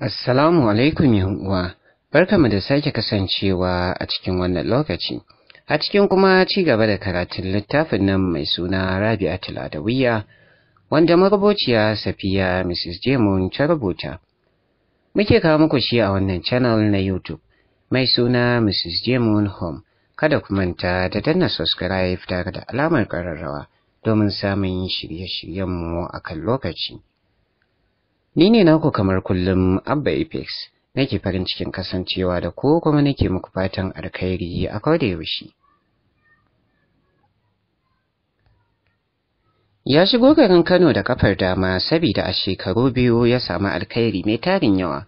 Assalamu alaikum uwa barkamu da sake kasancewa a cikin wannan lokaci. A cikin kuma ci gaba da karatun littafin nan mai suna Rabi'atul Adawiyya wanda marubuciya Safiya Mrs. Jemun ta rubuta. Muke kawo muku shi a wannan channel na YouTube mai suna Mrs. Jemun Home. Kada ku manta da danna subscribe tare da alamar ƙararrawa domin samun shirye-shiryenmu a kan lokaci. Ni ne naku kamar kullum Abba Apex. Nake farin cikin kasancewa da ko kuma nake muku fatan alkhairi a koda yaushe. Ya shigo garin Kano da kafar dama saboda a shekaru biyu ya samu alkhairi mai tarin yawa.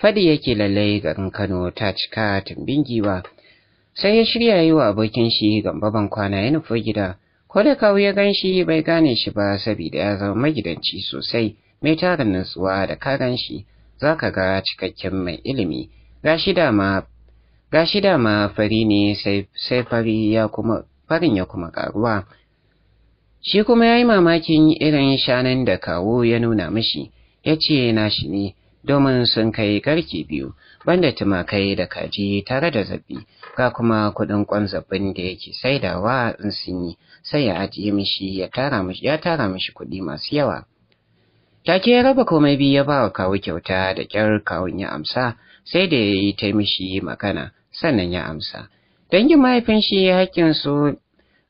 Fadi yake lallai garin Kano ta cika tumbin giwa. Sai ya shirya yi wa abokin shi ban kwana ya nufi gida. Ko da kawu ya ganshi bai gane shi ba saboda ya zama magidanci sosai. mai tara nutsuwa da karan shi za ka ga cikakken mai ilimi gashi shi ma dama fari ne sai fari ya kuma farin ya kuma karuwa shi kuma ya yi mamakin irin shanan da kawo ya nuna mishi ya ce nashi ne domin sun kai garki biyu banda tumakai da kaji tare da zabi ga kuma kuɗin kwan zabbin da yake saidawa in sun yi sai ya ajiye mishi ya tara mishi kuɗi masu yawa Take ya raba komai biyu ya ba wa kawu kyauta da kyar kawun ya amsa sai da ya yi ta mishi magana sannan ya amsa. Dangin mahaifin shi ya su,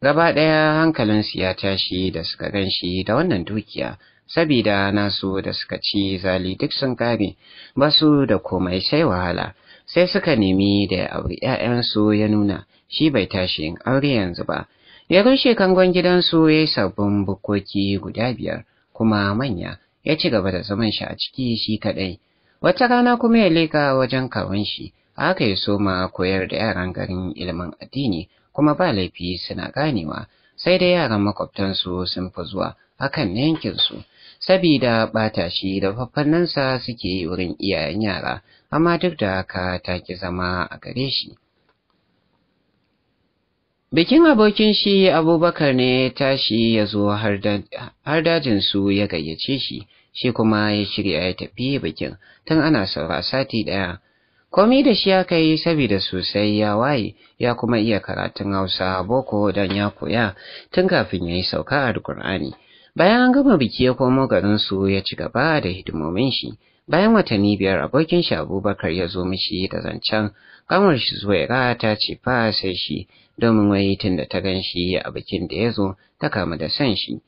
gaba ɗaya hankalinsu ya tashi da suka gan shi da wannan dukiya sabida nasu da suka ci zali duk sun kare ba su da komai sai wahala sai suka nemi da ya auri 'ya'yansu ya nuna shi bai tashi yin aure yanzu ba ya rushe kangon gidansu ya yi sabbin bukoki guda biyar kuma manya ya ci gaba da zaman shi a ciki shi kaɗai. Wata rana kuma ya leka wajen kawun shi, haka ya soma koyar da yaran garin ilimin addini kuma ba laifi suna ganewa, sai dai yaran makwabtansu sun fi zuwa hakan na yankinsu. Sabida ɓata shi da faffannansa suke yi wurin iyayen yara, amma duk da haka ta ki zama a gare shi. Bikin abokin shi Abubakar ne tashi ya zo har dajin su ya gayyace shi, shi kuma ya shirya ya tafi bikin tun ana saura sati ɗaya. Komi da shi aka yi saboda sosai ya waye ya kuma iya karatun Hausa boko don ya koya tun kafin ya yi sauka a Bayan an gama biki ya komo garin su ya ci gaba da hidimomin shi. bayan watanni biyar abokin shi abubakar ya zo mishi da zancen kamar shi zuwaira ta ce fa sai shi domin wai tun da ta gan shi a bikin da ya zo ta kama da san shi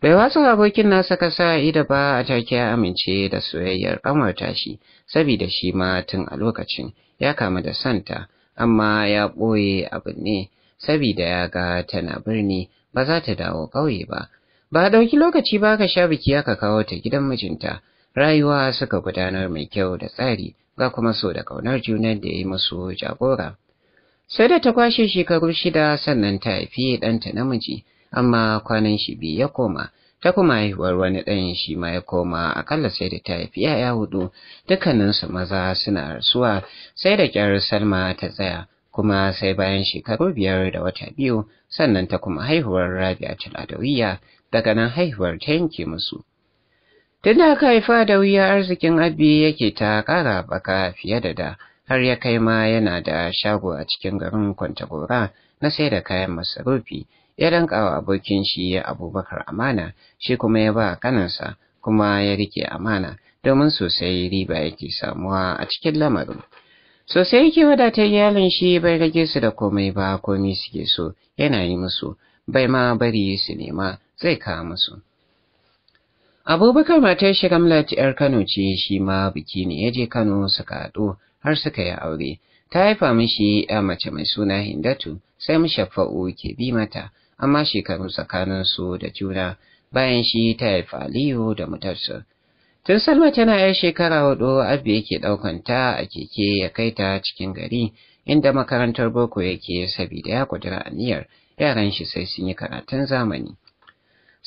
bai wasu abokin nasa kasa ida ba a take ya amince da soyayyar ta shi saboda shi ma tun a lokacin ya kamu da santa amma ya ɓoye abin ne saboda ya ga tana birni ba za ta dawo ƙauye ba ba a ɗauki lokaci ba ka sha biki aka kawo ta gidan mijinta rayuwa suka gudanar mai kyau da tsari ga kuma so da kaunar junan da ya yi musu jagora. Sai da ta kwashe shekaru shida sannan ta haifi ɗanta namiji, amma kwanan shi biyu ya koma, ta kuma haihuwar wani ɗan shi ma ya koma akalla sai da ta haifi ‘ya'ya hudu dukkaninsu maza suna rasuwa sai da ƙyar Salma ta tsaya. kuma sai bayan shekaru biyar da wata biyu sannan ta kuma haihuwar Rabia Taladawiya daga nan haihuwar ta yanke musu. Tun da aka haifa da wuya arzikin abi yake ta ƙara baka fiye da da har ya kai ma yana da shago a cikin garin Kwantagora na sai da kayan masarufi. Ya danka abokin shi Abubakar amana shi kuma ya ba kanansa kuma ya rike amana domin sosai riba yake samuwa a cikin lamarin. Sosai yake wadatar iyalin shi bai rage su da komai ba komai suke so yana yi musu bai ma bari su nema zai kawo musu. abubakar matar shi ramlat yar kano ce shi ma biki ne ya je kano suka haɗu har suka yi aure ta haifa mishi ya mace mai suna hindatu sai mushaffa'u ke bi mata amma shekaru tsakanin su da juna bayan shi ta haifa aliyu da mutarsa tun salma tana yar shekara hudu abu yake ɗaukan ta a keke ya kai ta cikin gari inda makarantar boko yake sabida ya kudura aniyar yaran shi sai sun yi karatun zamani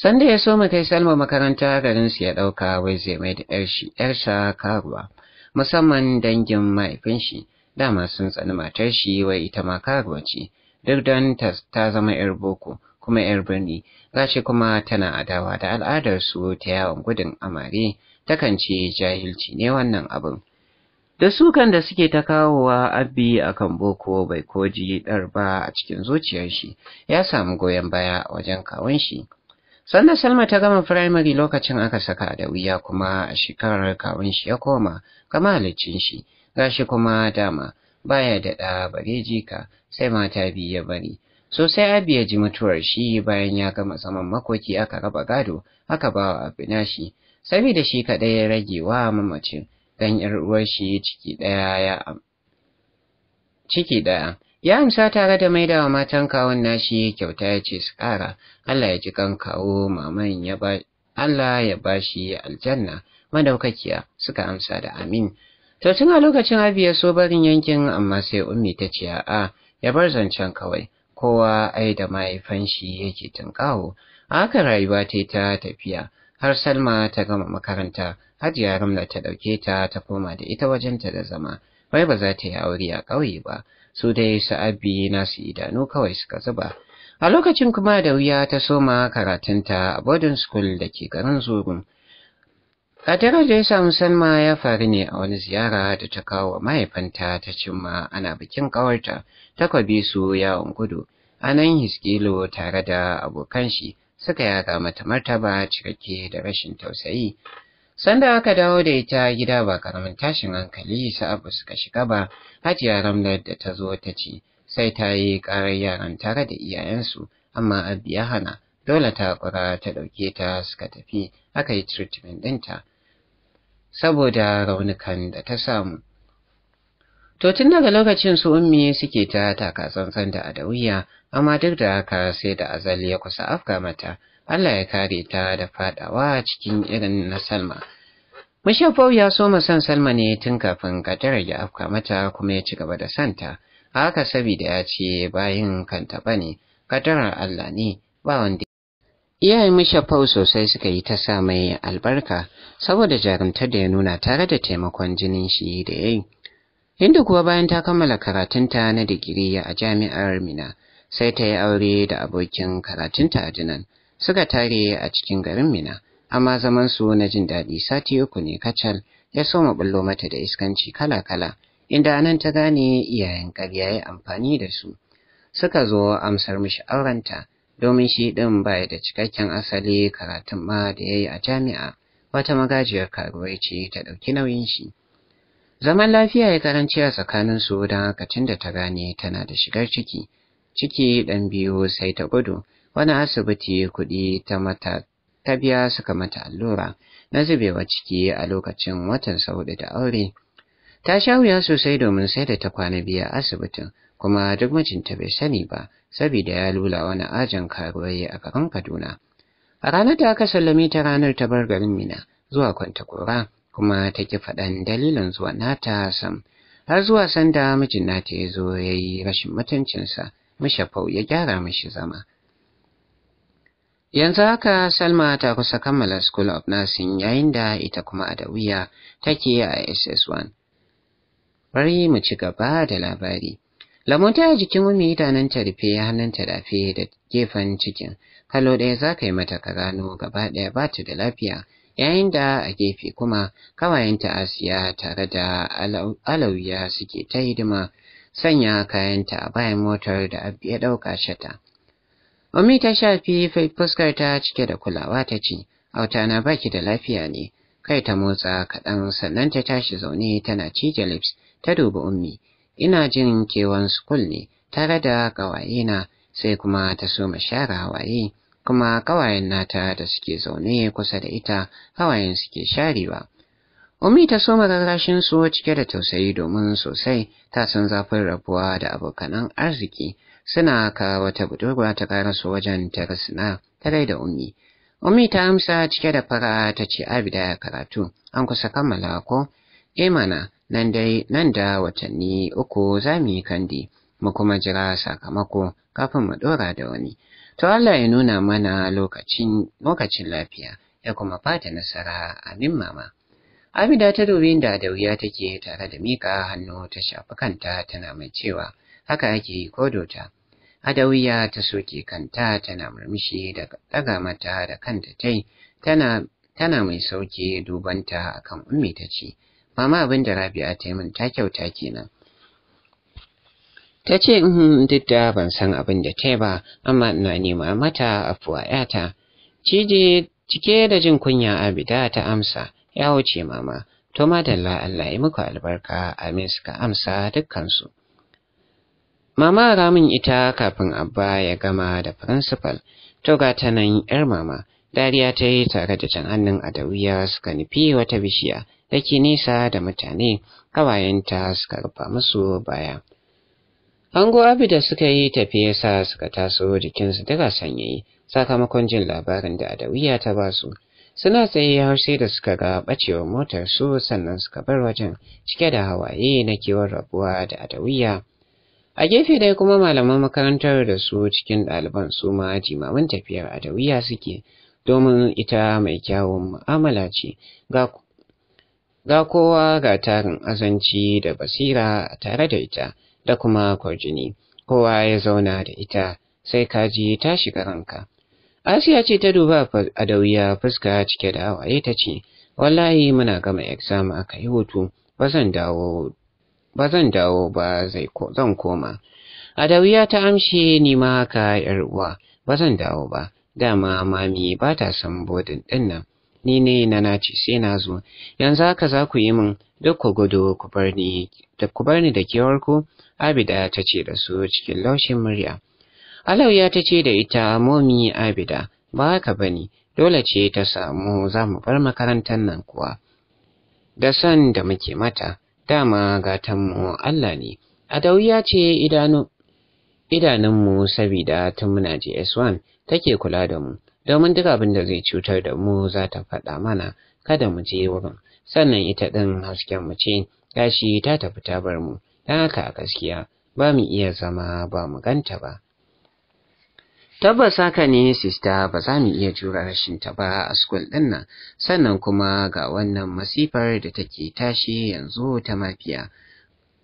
Sanda ya so mu kai Salma makaranta garinsu ya ɗauka wai zai mai da shi ‘yarsa karuwa, musamman dangin mahaifin shi, dama sun tsani matar shi wai ita ma karuwa ce, duk don ta zama ‘yar boko kuma ‘yar birni, gashi kuma tana adawa da al'adar su ta yawon gudun amare, takan ce jahilci ne wannan abin. da sukan da suke ta kawowa abi akan boko bai koji dar ba a cikin zuciyar shi ya samu goyon baya wajen kawun shi sanda salma ta gama firamare lokacin aka saka da wuya kuma a shekarar kawun shi ya koma kama halicin shi gashi kuma dama baya da ɗa bare jika sai mata biyu ya bari sosai abi ya ji mutuwar shi bayan ya gama zaman makoki aka raba gado aka ba wa abu shi, saboda shi kaɗai ya rage wa mamacin dan yar uwar shi ciki ɗaya ya ciki ɗaya ya amsa tare da maida wa matan kawun nashi kyauta ya ce su ƙara Allah ya ji kan kawo maman ya ba Allah ya bashi aljanna madaukakiya suka amsa da amin to tun a lokacin abi ya so barin yankin amma sai ummi ta ce a'a ya bar zancen kawai kowa ai da mahaifan shi yake tunkawo a haka rayuwa ta ta tafiya har Salma ta gama makaranta Hajiya Ramla ta dauke ta ta koma da ita wajenta da zama wai ba za ta yi aure a ƙauye ba su dai sa'abi nasu idanu kawai suka zuba a lokacin kuma da wuya ta soma karatunta a boarding school da ke garin zurun A da ya samu ya faru ne a wani ziyara da ta kawo wa mahaifanta ta cimma ana bikin ƙawarta kwabi su yawon gudu. A nan Hiskilo tare da abokan shi suka yaga mata martaba cikakke da rashin tausayi Sanda aka dawo da ita gida ba karamin tashin hankali sa'abu suka shiga ba, Hajiya Ramlar da ta zo ta ce sai ta yi ƙarar yaran tare da iyayensu, amma Abdi ya hana, dole ta ƙura ta ɗauke ta suka tafi aka yi treatment ɗinta. Saboda raunukan da ta samu. To tun daga lokacin su ummi suke ta taka tsantsan da adawiya, amma duk da haka sai da azali ya kusa afka mata. Allah ya kare ta da fadawa cikin irin na Salma. Mushaffau ya so san Salma ne tun kafin Kadara ya afka mata kuma ya ci gaba da santa. Haka sabida ya ce bayin kanta ne, Kadarar Allah ne ba wanda Iyayen Mushaffau sosai suka yi ta sa mai albarka saboda jarumtar da ya nuna tare da taimakon jinin shi da ya yi. Hindu kuwa bayan ta kammala karatunta na digiri a jami'ar Mina sai ta yi aure da abokin karatunta a Jinan. suka tare a cikin garin Mina amma zaman su na jin daɗi sati uku ne kacal ya soma bullo mata da iskanci kala-kala inda nan ta gane iyayen ƙarya ya amfani da su suka zo amsar mishi aurenta domin shi ɗin baya da cikakken asali karatun ma da yayi a jami'a wata magajiyar karuwai ce ta ɗauki nauyin shi. Zaman lafiya ya karanci a tsakanin su don haka tunda ta gane tana da shigar ciki, ciki ɗan biyu sai ta gudu wani asibiti kuɗi ta mata ta biya suka mata allura na zubewa ciki a lokacin watan sa da aure ta sha wuya sosai domin sai da ta kwana biya asibitin kuma duk mijinta bai sani ba sabida ya lula wani ajin karuwai a garin Kaduna a ranar da aka sallame ta ranar ta bar garin Mina zuwa kwanta Kwantakora kuma ta ki faɗan dalilin zuwa nata sam har zuwa sanda mijin nata ya zo ya yi rashin mutuncinsa mishafau ya gyara mishi zama Yanzu haka Salma ta kusa kammala School of Nursing yayin da ita kuma Adawiya take a SS1. Bari mu ci gaba da labari. Lamonta a jikin Umi idanunta rufe hannunta dafe da gefen cikin. kalo ɗaya za ka yi mata ka gano gaba ɗaya ba ta da lafiya. Yayin da a gefe kuma kawayenta Asiya tare da alauya suke ta hidima sanya kayanta a bayan motar da ya ɗauka shata. Ummi ta shafi fuskar ta cike da kulawa ta ce, Auta na baki da lafiya ne, kai ta motsa kaɗan sannan ta tashi zaune tana cije lips ta dubi ummi. Ina jin kewan school ne tare da ƙawaye na sai kuma ta so share hawaye kuma ƙawayen nata da suke zaune kusa da ita hawayen suke sharewa. Ummi ta so rarrashin su cike da tausayi domin sosai ta san zafin rabuwa da abokanan arziki suna ka wata budurwa ta su wajen ta rasna ta da ummi ummi ta amsa cike da fara ta ce abida ya karatu an kusa kammala ko E mana nan dai nan da watanni uku za mu yi kandi mu kuma jira sakamako kafin mu dora da wani to Allah ya nuna mana lokacin lafiya ya kuma fata nasara amin mama Abida ta dubi da da wuya take tare da mika hannu ta shafi kanta tana mai cewa haka ake yi ko dota adawiya ta soke kanta tana murmushi da daga mata da kanta tai tana tana mai sauke dubanta akan ummi ta ce mama abin da rabi'a ta yi min ta kyauta kenan ta ce uhm, duk da ban san abin da ta ba amma ina nema mata afuwa yata cije cike da jin kunya abida ta amsa ya wuce mama to madalla Allah ya muku albarka amin suka amsa dukkansu Mama ramin ita kafin Abba ya gama da firinsifal. To ga ta nan 'yar mama. Dariya ta yi tare da jan hannun Adawiya suka nufi wata bishiya da ke nesa da mutane, hawayenta suka rufa musu baya. Ango abi da suka yi tafiye sa suka taso jikinsu daga sanyayi sakamakon jin labarin da Adawiya ta ba su, suna tsaye haushe da suka ga ɓacewar motar su sannan suka bar wajen cike da hawaye na kewar rabuwa da adawiya A gefe dai kuma malaman makarantar da su cikin ɗaliban su ma jimamin tafiyar adawiya suke domin ita mai kyawun mu'amala ce ga kowa ga tarin azanci da basira tare da ita da kuma kwarjini kowa ya zauna da ita sai kaji ta shiga ranka. Asiya ce ta duba adawiya fuska cike da hawaye ta ce, Wallahi muna gama exam aka yi hutu, ba zan dawo ba zan dawo ba zan koma. Adawiya ta amshe ni ma haka ‘yar uwa, ba zan dawo ba, dama mami ba ta san bodin ɗin nan. Ni ne na nace sai na zo, yanzu haka za ku yi min duk ku gudu ku bar ni da ku bar ni da ku Abida ta ce da su cikin laushin murya. Alawiya ta ce da ita momi Abida, ba haka ba ne, dole ce ta samu za mu bar makarantar nan kuwa. Da san da muke mata, dama gatanmu Allah ne a dauya ce idanu idanunmu sabida tun muna JS1 take kula da mu domin duk abin da zai cutar da mu za ta faɗa mana kada mu je wurin sannan ita ɗin hasken mu ce gashi ta tafi ta bar mu don haka a gaskiya ba mu iya zama ba mu ganta ba Tabbas haka ne sista ba za mu iya jura rashin ta ba a skul din nan sannan kuma ga wannan masifar da take tashi yanzu ta mafiya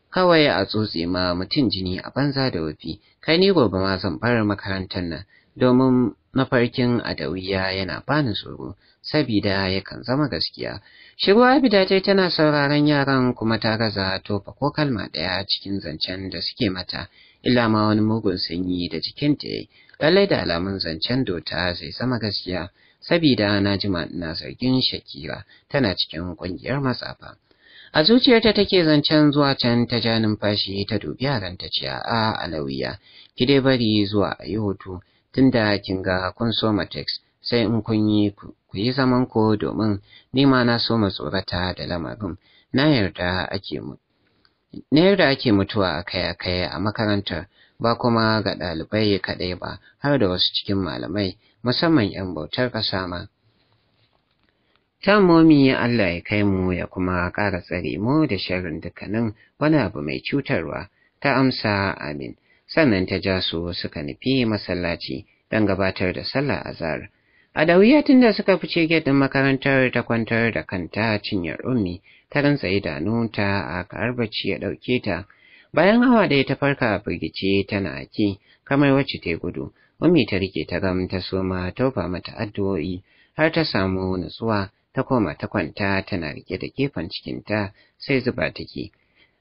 kawai a tsotse ma mutum jini a banza da wafi kai ni gobe ma zan bar makarantar nan domin mafarkin adawiya yana bani tsoro sabida yakan zama gaskiya shigo abida tana sauraron yaran kuma ta gaza tofa ko kalma daya cikin zancen da suke mata illa ma wani mugun sanyi da jikinta ya yi. lallai da alamun zancen dota zai zama gaskiya sabida na jima ina zargin shakira tana cikin ƙungiyar matsafa a zuciyarta take zancen zuwa can ta ja numfashi ta dubi yaran ta a alawiya ki dai bari zuwa a yi hutu tunda kin ga kun so text sai in kun yi ku yi zaman ko domin ni ma na so tsorata da lamarin na yarda ake mu na yarda ake mutuwa akai-akai a makarantar ba kuma ga ɗalibai kaɗai ba har da wasu cikin malamai musamman 'yan bautar ƙasa ma. Tamomi Allah ya kai mu ya kuma ƙara tsare mu da sharrin dukkanin wani abu mai cutarwa ta amsa amin sannan ta ja su suka nufi masallaci don gabatar da sallah azhar. Adawiya tun da suka fice gedin makarantar ta kwantar da kanta cinyar ummi ta rantsa idanunta a karbaci ya ɗauke ta Bayan hawa da ta farka a firgice tana ki kamar wacce ta gudu, mami ta rike ta gam ta soma taufa mata addu'o'i har ta samu nutsuwa ta koma ta kwanta tana rike da gefen cikinta sai zuba take.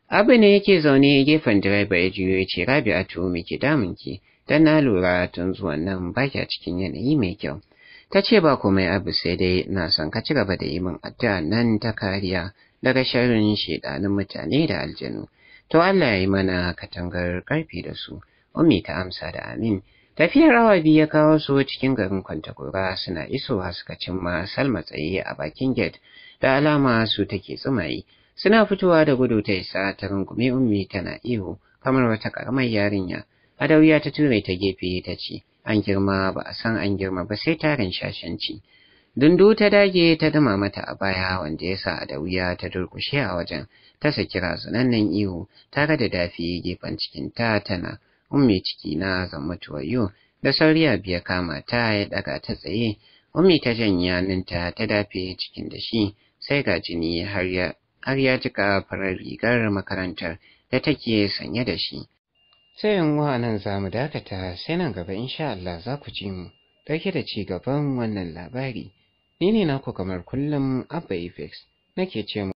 Abu ne yake zaune gefen direba ya juyo ya ce Rabi'atu me ke ki? dan na lura tun zuwan nan ba kya cikin yanayi mai kyau. Ta ce ba komai abu sai dai na son ka ci gaba da yi min addu'a nan ta kariya daga sharrin shaidanin mutane da aljanu. to Allah ya yi mana katangar ƙarfi da su ummi ta amsa da amin tafiyar awa biyu ya kawo su cikin garin kura suna iso suka cimma salma tsaye a bakin gate da alama su take tsumayi suna fitowa da gudu ta isa ta rungume ummi tana ihu kamar wata karamar yarinya adauya ta ture ta gefe ta ce an girma ba a san an girma ba sai tarin shashanci dundu ta dage ta dama mata a baya wanda ya sa adauya ta durkushe a wajen ta saki razanannen ihu tare da dafi gefen cikin ta tana ummi ciki na zama mutuwayo da sauri a biya kama ta ya daga ta tsaye ummi ta janya yananta ta dafe cikin da shi sai ga jini har ya har ya jika farar rigar makarantar da take sanye da shi sai in nan za mu dakata sai nan gaba insha Allah za ku ji mu ɗauke da ci gaban wannan labari ni ne naku kamar kullum abba nake ce